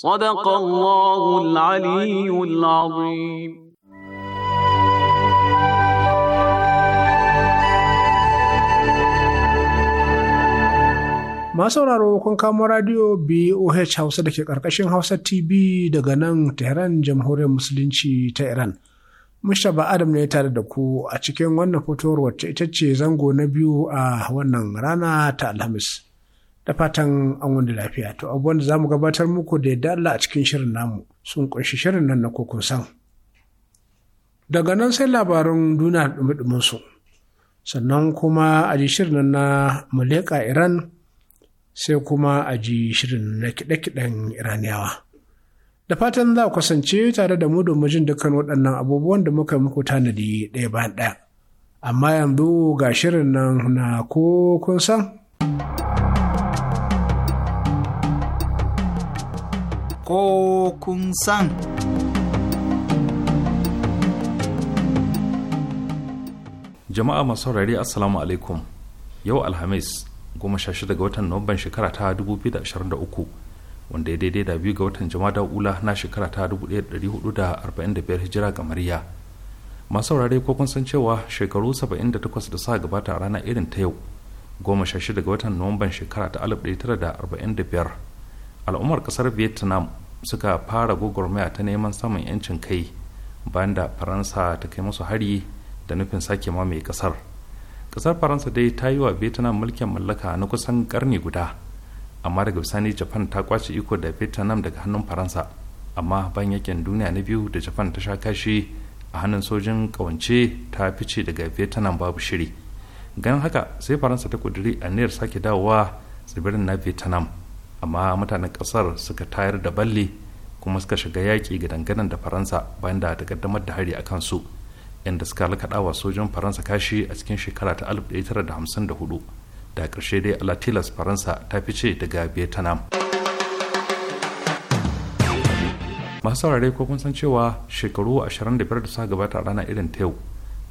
صدق الله العلي العظيم Masu sauraro kun kamo Radio BOH Hausa da ke ƙarƙashin Hausa TV daga nan Tehran Jamhuriyar Musulunci ta Iran. ba Adam ne tare da ku a cikin wannan fitowar wacce ita ce zango na biyu a wannan rana ta Alhamis. da fatan an wani lafiya to abubuwan da za mu gabatar muku da yadda Allah a cikin shirin namu sun kunshi shirin nan na kokon san daga nan sai labaran duniya dumi su sannan kuma a ji shirin nan na muleka iran sai kuma a ji shirin na kiɗe-kiɗen iraniyawa da fatan za ku kasance tare da mu domin jin dukkan waɗannan abubuwan da muka muku tanadi ɗaya bayan ɗaya amma yanzu ga shirin nan na kokon san ko kun san. Jama'a masu saurari Assalamu alaikum yau Alhamis goma sha shida ga watan Nuwamban shekara ta 2023 wanda ya daidai da biyu ga watan Jama'a ula na shekara ta 1445 hijira ga Mariya. Masu saurari ko kun san cewa shekaru 78 da sa gabata a rana irin ta yau goma sha shida ga watan nuwamban shekara ta 1945 al'ummar kasar vietnam suka fara gwagwarmaya ta neman samun 'yancin kai bayan da faransa ta kai musu hari da nufin sake ma mai kasar kasar faransa dai ta yi wa vietnam mulkin mallaka na kusan karni guda amma daga bisani japan ta kwace iko da vietnam daga hannun faransa amma bayan yakin duniya na biyu da japan ta sha kashi a hannun sojin kawance ta fice daga vietnam babu shiri ganin haka sai faransa ta kuduri aniyar sake dawowa tsibirin na vietnam amma mutanen kasar suka tayar da balle kuma suka shiga yaƙi gidanganan da faransa bayan da ta kaddamar da hari a kansu inda suka lakaɗawa sojin faransa kashi a cikin shekara ta 1954 da ƙarshe dai alatilas faransa ta fi fice daga vietnam masu saurare ko kun san cewa shekaru 25 da suka gabata a rana irin ta yau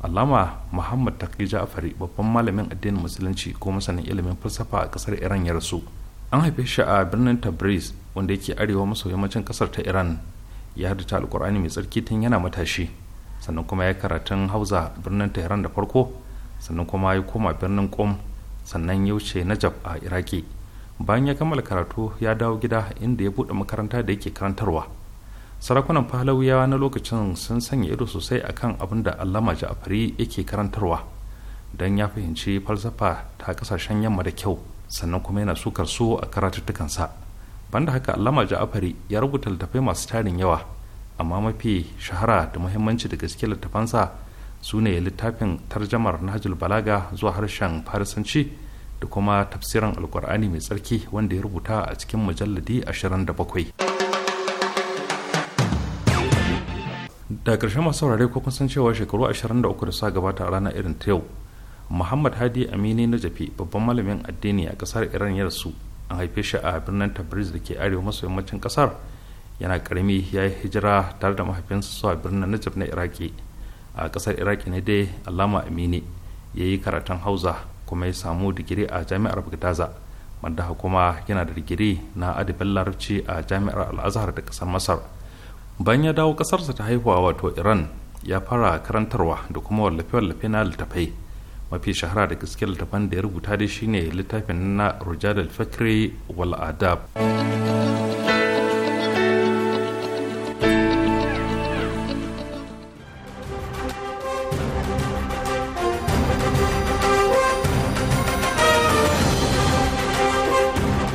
alama muhammad taki ja'afari babban malamin addinin musulunci ko masanin ilimin falsafa a kasar iran ya rasu an haife shi a birnin tabriz wanda yake arewa maso yammacin kasar ta iran ya ta alkur'ani mai tsarki tun yana matashi sannan kuma ya karatun hausa birnin tehran da farko sannan kuma ya koma birnin kom sannan ya wuce najaf a iraki bayan ya kammala karatu ya dawo gida inda ya bude makaranta da yake karantarwa sarakunan falawiyawa na lokacin sun sanya ido sosai akan abin da allama ja'afari yake karantarwa don ya fahimci falsafa ta kasashen yamma da kyau sannan kuma yana sukar su a karatuttukansa banda haka allama ja'afari ya rubuta littattafai masu tarin yawa amma mafi shahara da muhimmanci da gaske littafansa su ne littafin tarjamar nahjul balaga zuwa harshen farisanci da kuma tafsirin alkur'ani mai tsarki wanda ya rubuta a cikin mujalladi 27 da ƙarshen masu saurare ko kun san cewa shekaru 23 da suka gabata a ranar irin ta yau muhammad hadi amini na jafi babban malamin addini a kasar iran ya rasu an haife shi a birnin tabriz da ke arewa maso yammacin kasar yana karami ya yi hijira tare da mahaifinsa zuwa birnin najaf na iraki a kasar iraki ne dai alama amini ya yi karatun hausa kuma ya samu digiri a jami'ar bagdaza wanda kuma yana da digiri na adabin larabci a jami'ar al'azhar da kasar masar bayan ya dawo kasarsa ta haihuwa wato iran ya fara karantarwa da kuma wallafe-wallafe na littafai mafi shahara da gaske littafin da ya rubuta da shine littafin na rujad al-fakri wal adab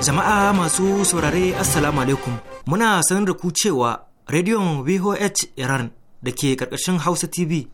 jama'a masu saurare assalamu alaikum muna sanar da ku cewa rediyon vhh iran da ke ƙarƙashin hausa tv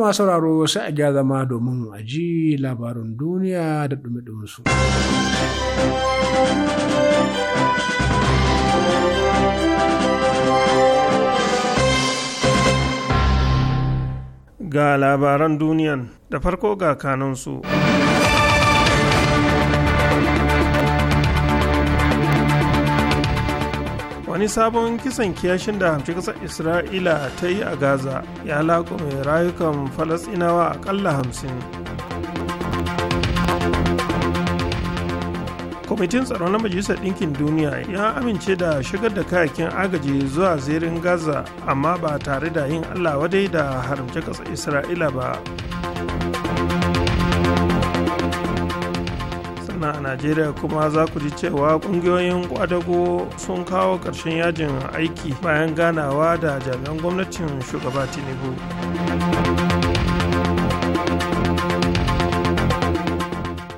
masu sauraro sai a gyara zama domin a ji labarin duniya da ɗumi Ga labaran duniyan da farko ga kanansu. wani sabon kisan kiyashin da hamci kasar isra'ila ta yi a gaza ya mai rayukan falasɗinawa aƙalla hamsin kwamitin tsaro na majalisar ɗinkin duniya ya amince da shigar da kayakin agaji zuwa zirin gaza amma ba tare da yin allah wadai da haramce ƙasar isra'ila ba sannan a najeriya kuma za ku ji cewa kungiyoyin kwadago sun kawo ƙarshen yajin aiki bayan ganawa da jami'an gwamnatin shugaba tinubu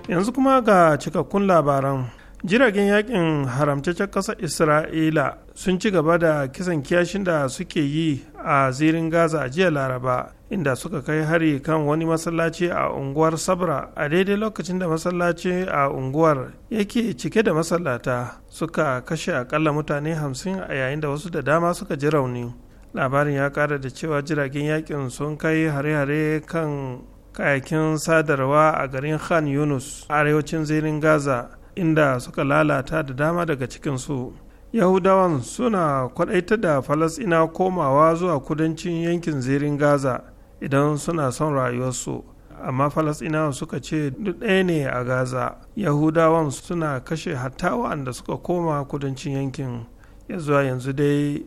yanzu kuma ga cikakkun labaran jiragen yakin haramtaccen ƙasar isra'ila sun ci gaba da kisan kiyashin da suke yi a zirin gaza jiya laraba inda suka kai hari kan wani masallaci a unguwar sabra a daidai lokacin da masallaci a unguwar yake cike da masallata suka kashe akalla mutane hamsin a yayin da wasu da dama suka ji rauni labarin ya kara da cewa jiragen yakin sun kai hare-hare kan kayakin sadarwa a garin khan yunus a arewacin zirin gaza inda suka lalata da dama daga cikinsu yahudawan suna kwadaita da falasina komawa zuwa kudancin yankin zirin gaza idan suna son rayuwarsu amma falasɗinawa suka ce duk ɗaya ne a gaza yahudawan suna kashe hatta waɗanda suka koma kudancin yankin ya zuwa yanzu dai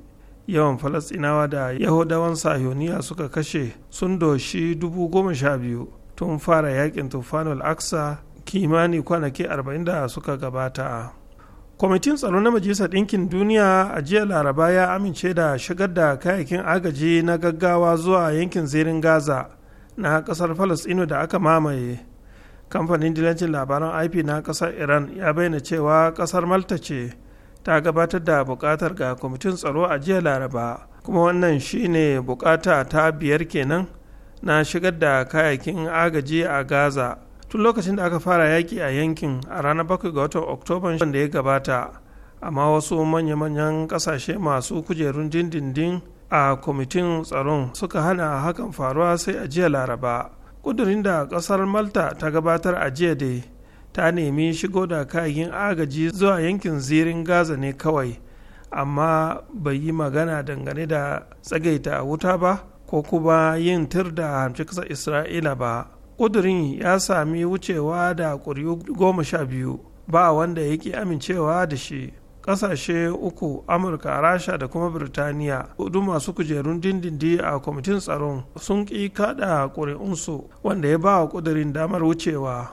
yawan falasɗinawa da yahudawan sahiyoniya suka kashe sun doshi dubu goma sha biyu tun fara yakin tufanul aksa kimani kwanaki arba'in da suka gabata kwamitin tsaro na majalisar ɗinkin duniya a jiya laraba ya amince da shigar da kayayyakin agaji na gaggawa zuwa yankin zirin gaza na ƙasar falasɗinu da aka mamaye kamfanin dilancin labaran ip na ƙasar iran ya bayyana cewa ƙasar malta ce ta gabatar da buƙatar ga kwamitin tsaro a jiya laraba kuma wannan shine buƙata ta biyar kenan na shigar da kayayyakin agaji a gaza tun lokacin da aka fara yaƙi a yankin a ranar bakwai ga watan oktoban da ya gabata amma wasu manya-manyan ƙasashe masu kujerun dindindin a kwamitin tsaron suka hana hakan faruwa sai a jiya laraba ƙudurin da ƙasar malta ta gabatar a jiya dai ta nemi shigo da kayan agaji zuwa yankin zirin gaza ne kawai amma bai yi magana dangane da tsagaita wuta ba ko kuma yin tir da hamshi kasar isra'ila ba ƙudurin ya sami wucewa da ƙuri'u goma sha biyu ba wanda ya ƙi amincewa da shi ƙasashe uku amurka rasha da kuma birtaniya hudu masu kujerun dindindi a kwamitin tsaron sun ƙi kaɗa ƙuri'unsu wanda ya ba wa ƙudurin damar wucewa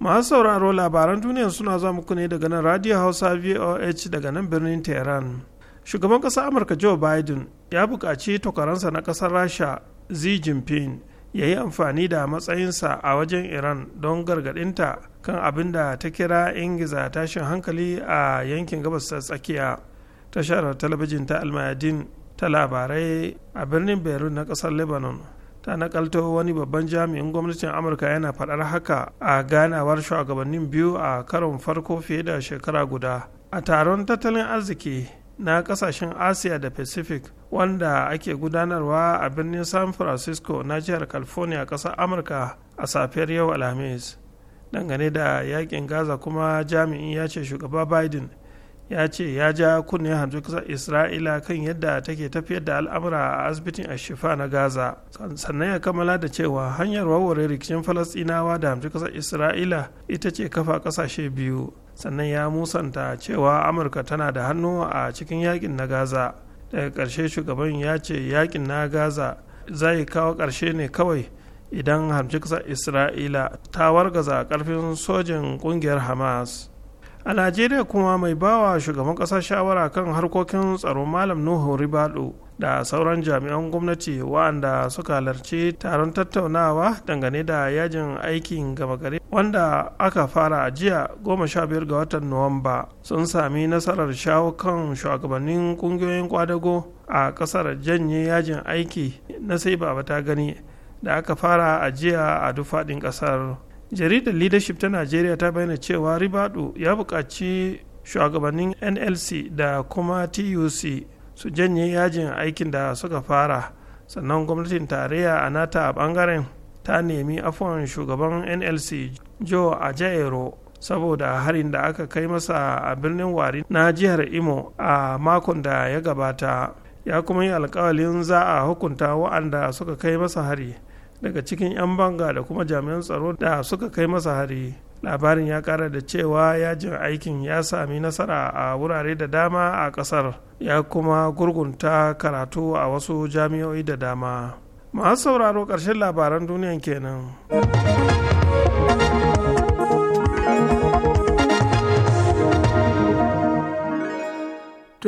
masu sauraro labaran duniya suna za muku ne daga nan radio hausa voh daga nan birnin tehran shugaban ƙasar amurka joe biden ya buƙaci tokaransa na ƙasar rasha xi jinping ya yi amfani da matsayinsa a wajen iran don gargadinta kan abin da ta kira ingiza tashin hankali a yankin gabas ta tsakiya tashar talabijin ta almayadin ta labarai a birnin beirut na kasar lebanon ta nakalto wani babban jami'in gwamnatin amurka yana faɗar haka a ganawar shugabannin biyu a karon farko fiye da shekara guda a taron tattalin arziki na kasashen asiya da pacific wanda ake gudanarwa a birnin san francisco na jihar california ƙasar amurka a safiyar yau alhamis dangane da yakin gaza kuma jami'in ya ce shugaba biden ya ce ya ja kunne hanzu kasar isra'ila kan yadda take tafiyar da al'amura a asibitin ashifa na gaza sannan ya kammala da cewa hanyar warware rikicin falasɗinawa da hanzu kasar isra'ila ita ce kafa ƙasashe biyu sannan ya musanta cewa amurka tana da hannu a cikin yakin na gaza daga karshe shugaban ya ce yakin na gaza zai kawo ƙarshe ne kawai idan hamci isra'ila ta wargaza karfin sojin ƙungiyar hamas a najeriya kuma mai bawa shugaban ƙasar shawara kan harkokin tsaron malam nuhu ribadu da sauran jami'an gwamnati wa'anda suka halarci taron tattaunawa dangane da yajin aikin gama gari wanda aka fara a jiya goma sha biyar ga watan nuwamba sun sami nasarar shawo kan shugabannin kungiyoyin kwadago a kasar janye yajin aiki na sai baba ta gani da aka fara a jiya a duk faɗin ƙasar jaridar leadership ta najeriya ta bayyana cewa ribadu ya buƙaci shugabannin nlc da kuma tuc su janye yajin aikin da suka fara sannan gwamnatin tarayya a nata a bangaren. ta nemi afuwan shugaban nlc joe ajaero saboda harin da aka kai masa a birnin wari na jihar imo a makon da ya gabata ya kuma yi alkawalin za a hukunta wa'anda suka kai masa hari daga cikin 'yan banga da kuma jami'an tsaro da suka kai masa hari labarin ya kara da cewa yajin aikin ya sami nasara a wurare da dama a kasar ya kuma gurgunta karatu a wasu jami'o'i da dama masu sauraro ƙarshen labaran duniya kenan.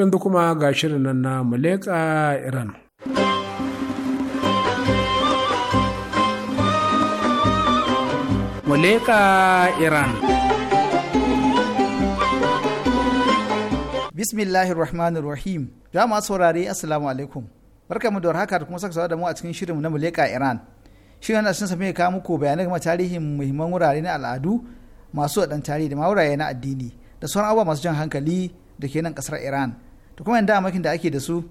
yanzu kuma ga shirin nan na Muleka Iran. Muleka Iran. Bismillahir Rahmanir Rahim. Jama'a saurare Assalamu alaikum. barka mu da haka da kuma saka da mu a cikin shirinmu na muleka iran shirin na sun sami kawo muku bayanai game tarihin muhimman wurare na al'adu masu waɗan tarihi da mawuraye na addini da sauran abubuwa masu jan hankali da ke nan ƙasar iran da kuma yadda amakin da ake da su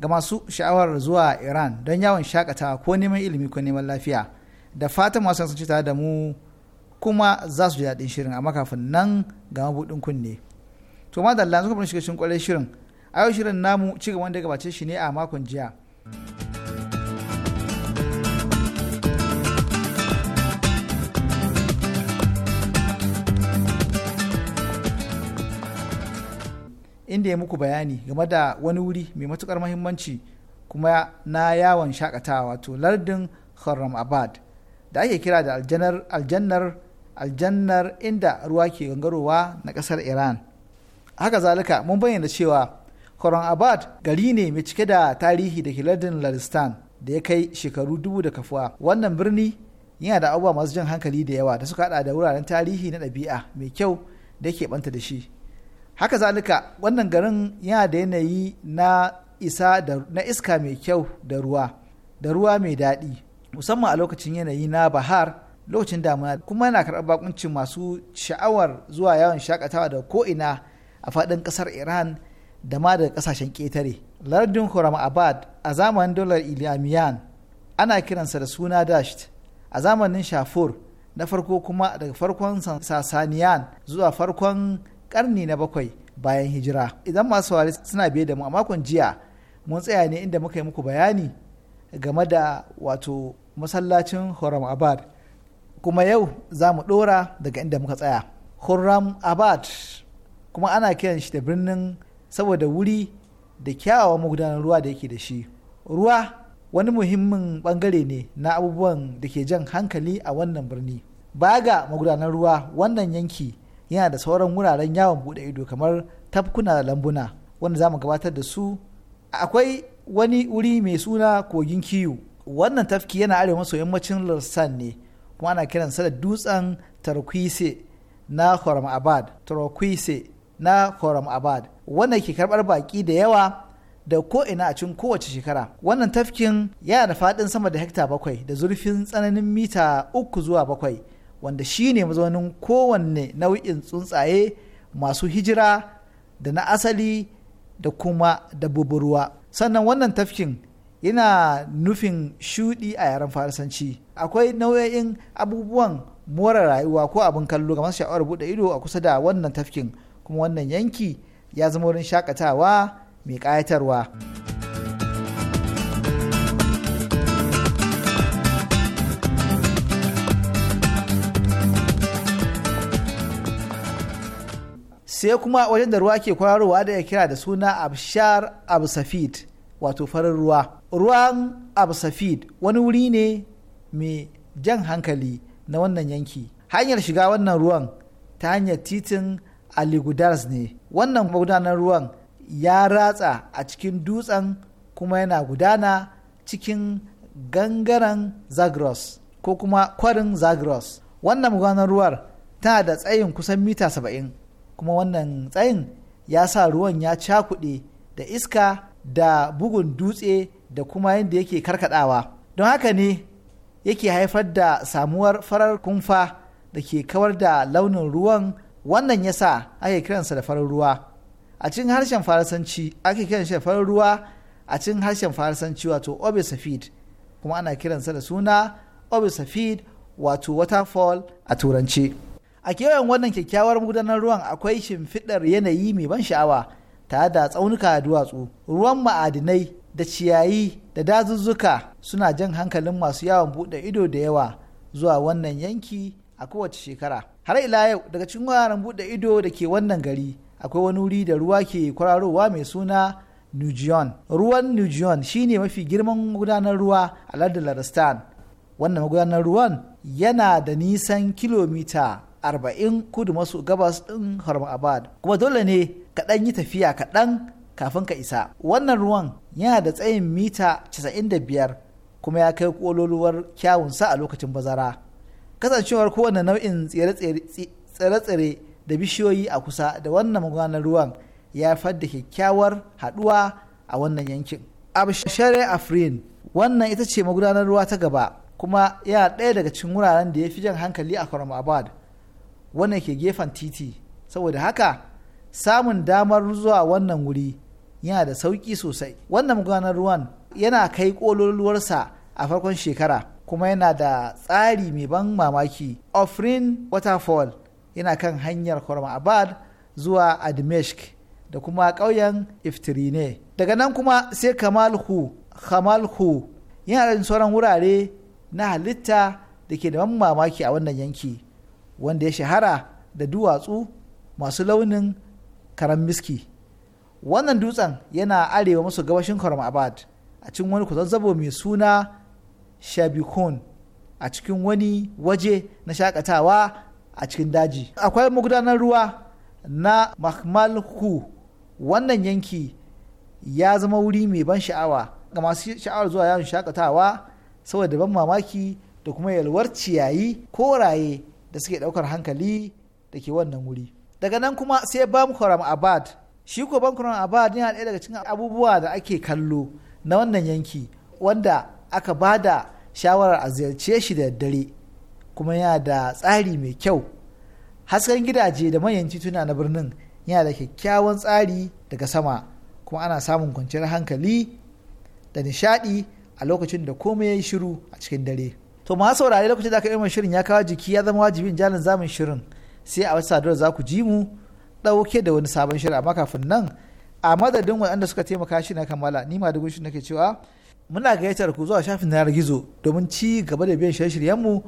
ga masu sha'awar zuwa iran don yawon shakatawa ko neman ilimi ko neman lafiya da fatan masu sun ci tare da mu kuma za su ji daɗin shirin amma kafin nan ga mabuɗin kunne to madalla kuma shiga cikin kwarai shirin a yau shirin namu ci gaban da gabace shi ne a makon jiya inda ya muku bayani game da wani wuri mai matukar mahimmanci kuma na yawon shakatawa wato lardin haram Abad da ake kira da aljannar aljannar aljannar inda ruwa ke gangarowa na kasar Iran haka zalika mun bayyana cewa Khoron Abad gari ne mai cike da tarihi da ke lardin da ya kai shekaru dubu da kafuwa. Wannan birni yana da abubuwa masu jan hankali da yawa da suka hada da wuraren tarihi na ɗabi'a mai kyau da ke banta da shi. Haka zalika wannan garin yana da yanayi na isa da na iska mai kyau da ruwa da ruwa mai daɗi musamman a lokacin yanayi na bahar lokacin damuna kuma yana karɓar bakuncin masu sha'awar zuwa yawon shakatawa da ko'ina a faɗin ƙasar iran da ma daga kasashen ƙetare lardin abad a zamanin dolar Iliamiyan ana kiransa da suna dasht a zamanin shafur na farko kuma daga farkon sasaniyan zuwa farkon karni na bakwai bayan hijira idan masu saurari suna biye da mu a makon jiya mun tsaya ne inda muka yi muku bayani game da wato masallacin horam abad kuma yau za mu ɗora daga inda muka tsaya horam abad kuma ana kiran shi da birnin saboda wuri da kyawawan magudanar ruwa da yake da shi ruwa wani muhimmin bangare ne na abubuwan da ke jan hankali a wannan birni baya ga magudanar ruwa wannan yanki yana da sauran wuraren yawon bude ido kamar tafkuna da lambuna wanda za mu gabatar da su akwai wani wuri mai suna kogin kiyu wannan tafki yana arewa maso yammacin larsan ne kuma ana kiransa da dutsen tarkwise na Abad tarkwise na Khorram Abad wanda ke karbar baki da yawa da ko ina a cikin kowace shekara. Wannan tafkin yana da fadin sama da hekta bakwai da zurfin tsananin mita uku zuwa bakwai wanda shine ne mazaunin kowanne nau'in tsuntsaye masu hijira da na asali da kuma dabbobin ruwa. Sannan wannan tafkin yana nufin shuɗi a yaren farisanci. Akwai nau'o'in abubuwan more rayuwa ko abin kallo ga masu sha'awar buɗe ido a kusa da wannan tafkin. kuma wannan yanki ya zama wurin shakatawa mai ƙayatarwa. sai kuma wajen da ruwa ke kwararowa da ya kira da suna abshar absafid wato farin ruwa ruwan absafid wani wuri ne mai jan hankali na wannan yanki hanyar shiga wannan ruwan ta hanyar titin aligudars ne wannan magudanar ruwan ya ratsa a cikin dutsen kuma yana gudana cikin gangaren zagros ko kuma kwarin zagros wannan magudanar ruwar tana da tsayin kusan mita saba'in kuma wannan tsayin ya sa ruwan ya cakuɗe da iska da bugun dutse da kuma yadda yake karkadawa don haka ne yake haifar da samuwar farar kumfa da ke kawar da launin ruwan wannan ya sa ake kiransa da farin ruwa a cikin harshen farasanci ake kiransa da farin ruwa a cikin harshen farasanci wato obisafid kuma ana kiransa da suna obisafid wato waterfall a turanci a kewayen wannan kyakkyawar gudanar ruwan akwai shimfiɗar yanayi mai ban sha'awa tare da tsaunuka da duwatsu ruwan ma'adinai da ciyayi da dazuzzuka suna jan hankalin masu yawon buɗe ido da yawa zuwa wannan yanki a kowace shekara har ila yau daga cikin wuraren buɗe ido da ke wannan gari akwai wani wuri da ruwa ke kwararowa mai suna Nujion. Ruwan Nujion shine mafi girman gudanar ruwa a lardin Laristan. Wannan magudanar ruwan yana da nisan kilomita 40 kudu maso gabas ɗin Abad Kuma dole ne kaɗan yi tafiya kaɗan kafin ka isa. Wannan ruwan yana da tsayin mita 95 kuma ya kai kololuwar kyawunsa a lokacin bazara. kasancewar kowane nau'in tsere-tsere da bishiyoyi a kusa da wannan magudanar ruwan ya fadda kyakkyawar haɗuwa a wannan yankin abshare afrin wannan ita ce magudanar ruwa ta gaba kuma yana ɗaya daga cikin wuraren da ya fi jan hankali a Karamabad wanda ke gefen titi saboda haka samun damar zuwa wannan wuri yana da sauƙi sosai wannan magudanar ruwan yana kai ƙololuwarsa a farkon shekara kuma yana da tsari mai ban mamaki offering waterfall yana kan hanyar abad zuwa admeshk da kuma ƙauyen iftirine daga nan kuma sai kamalhu kamalhu yana da sauran wurare na halitta da ke da ban mamaki a wannan yanki wanda ya shahara da duwatsu masu launin karan miski wannan dutsen yana arewa maso gabashin abad a cikin wani kusan zabo mai suna shabikon a cikin wani waje na shakatawa a cikin daji akwai magudanar ruwa na mahmalku wannan yanki ya zama wuri mai ban sha'awa ga masu sha'awar zuwa yawon shakatawa saboda ban mamaki da kuma yalwar ciyayi koraye da suke daukar hankali da ke wannan wuri daga nan kuma sai bamkuram abad shi ko bamkuram abad yana ɗaya daga cikin abubuwa da ake kallo na wannan yanki wanda aka bada shawarar a ziyarce shi da dare kuma yana da tsari mai kyau hasken gidaje da manyan tituna na birnin yana da kyakkyawan tsari daga sama kuma ana samun kwanciyar hankali da nishadi a lokacin da komai ya yi shiru a cikin dare to ma saurare lokacin da aka irin shirin ya kawo jiki ya zama wajibin jalin zamun shirin sai a wata saduwar za ku ji mu ɗauke da wani sabon shirin amma kafin nan a madadin waɗanda suka taimaka shi na kammala ni ma da gushi nake cewa muna gayyatar ku zuwa shafin yanar gizo domin ci gaba da biyan shirye-shiryenmu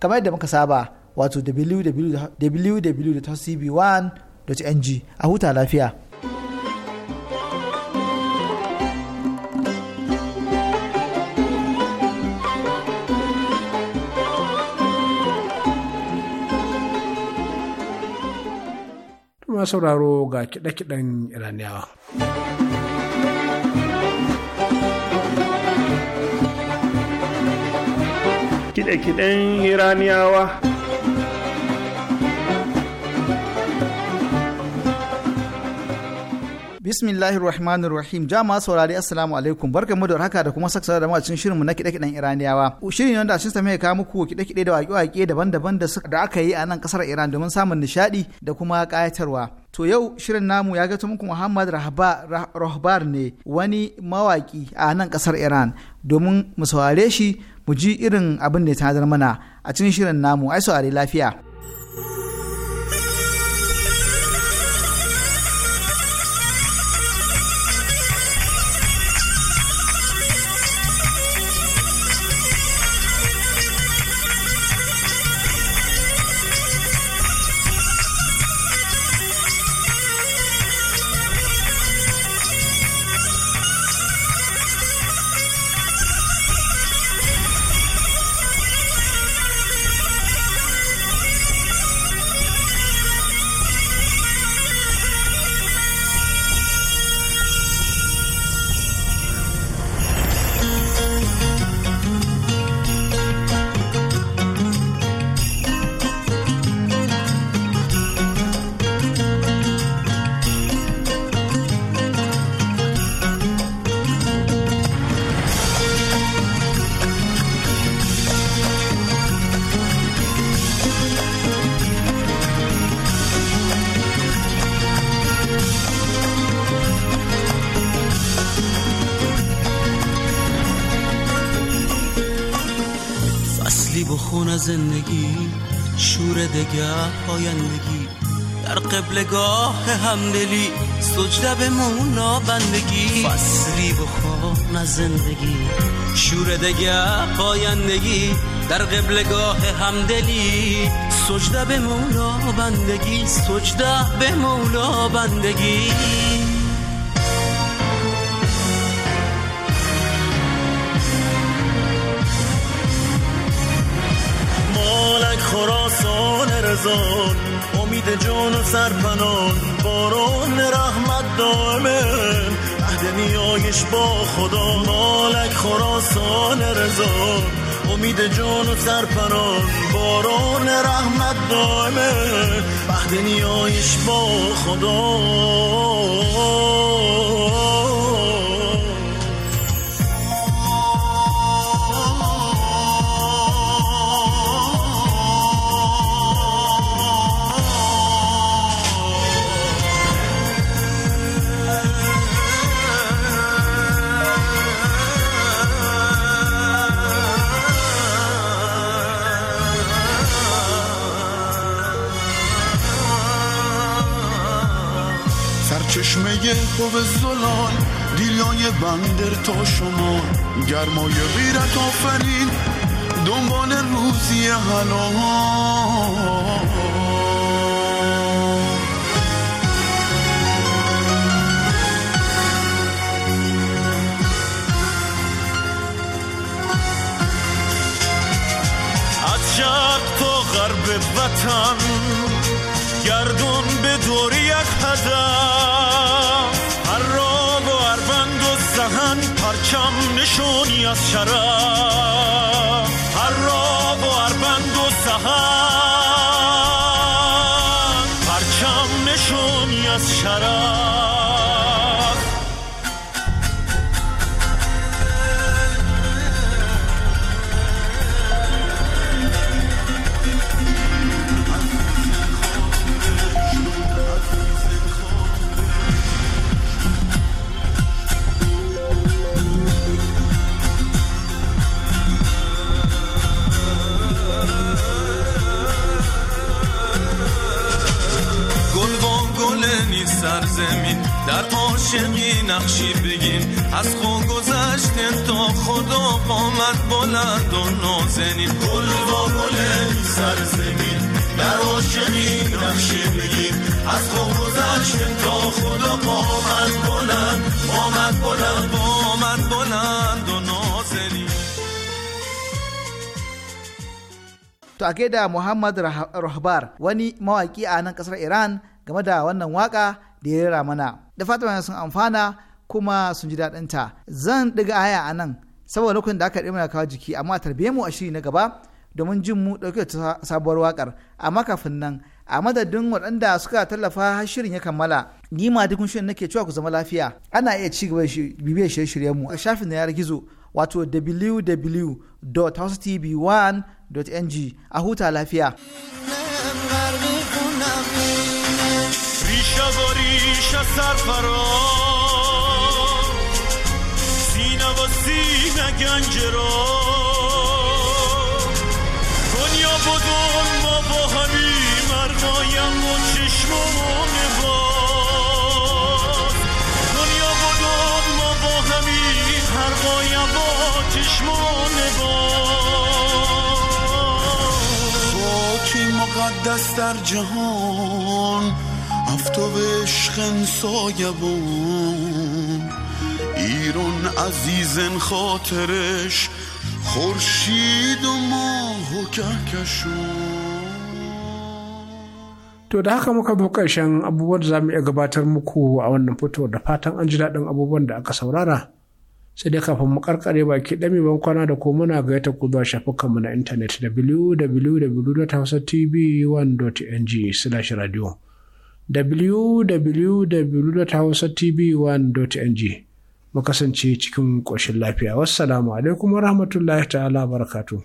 kamar yadda muka saba wato www.cb1.ng a huta lafiya. Tuma sauraro ga kiɗe-kiɗen Iraniyawa. kiɗe-kiɗen iraniyawa bismillahir rahmanir rahim jama saurari assalamu alaikum barkan mu da haka da kuma saksa da shirin mu na kide kiɗen iraniyawa shirin yanda cin sa mai kawo muku kiɗe-kiɗe da waƙe-waƙe daban-daban da aka yi a nan ƙasar iran domin samun nishaɗi da kuma ƙayatarwa To yau shirin namu ya gato muku Muhammad Rahbar ne wani mawaki a nan kasar Iran domin mu saurare shi mu ji irin abin da ya tanadar mana a cikin shirin namu ai saurari lafiya. خون زندگی شور دگه پایندگی در قبلگاه همدلی سجده به مونا بندگی فصلی بخون از زندگی شور دگه پایندگی در قبلگاه همدلی سجده به مولا بندگی سجده به مولا بندگی خراسان رزان امید جان و سرپنان باران رحمت دائمه عهد نیایش با خدا مالک خراسان رزان امید جان و سرپنان باران رحمت دائمه عهد نیایش با خدا دیگه خوب زلال دیلای بندر تا شما گرمای غیرت آفرین دنبال روزی حلال شرق تا غرب وطن گردون به دوری یک هدف نشونی از شرم هر راب و هر بند و سهر زمین در عاشقی نقشی بگین از خو گذشتن تا خدا قامت بلند و نازنین گل با گل سر زمین در عاشقی نقشی بگین از خو گذشته تا خدا قامت بلند قامت بلند قامت بلند و نازنین to a gaida Muhammad Rahbar wani mawaki a nan kasar Iran game da wannan waka da ya rera mana da fatan sun amfana kuma sun ji daɗin ta zan ɗiga aya a nan saboda nukun da aka mana kawo jiki amma tarbiyyar mu a shiri na gaba domin jin mu ɗauke da sabuwar wakar. amma kafin nan a madadin waɗanda suka tallafa shirin ya kammala ni ma dukkan shirin nake cewa ku zama lafiya ana iya ci gaba bibiyar shirye-shiryen mu a shafin na yar gizo wato www.housetv1.ng a huta lafiya. شب و ریش سرفراز سینه و سینه گنج را دنیا بدون ما با همی مرمایم و و باز دنیا بدون ما با همی هرمایم و چشمون باز تو کی مقدس در جهان رفت و عشق بون ایران عزیزن خاطرش خورشید و ماه و کهکشون To da haka muka buka ƙarshen abubuwan da za mu iya gabatar muku a wannan fito da fatan an ji daɗin abubuwan da aka saurara. Sai dai kafin mu karkare baki ɗami ban kwana da ko muna ga ta kuzuwa shafukanmu na intanet www.hausatv1.ng/radio. www.hausatv1.ng mu kasance cikin ƙoshin lafiya wassalamu alaikum rahmatullahi ta'ala barakatu.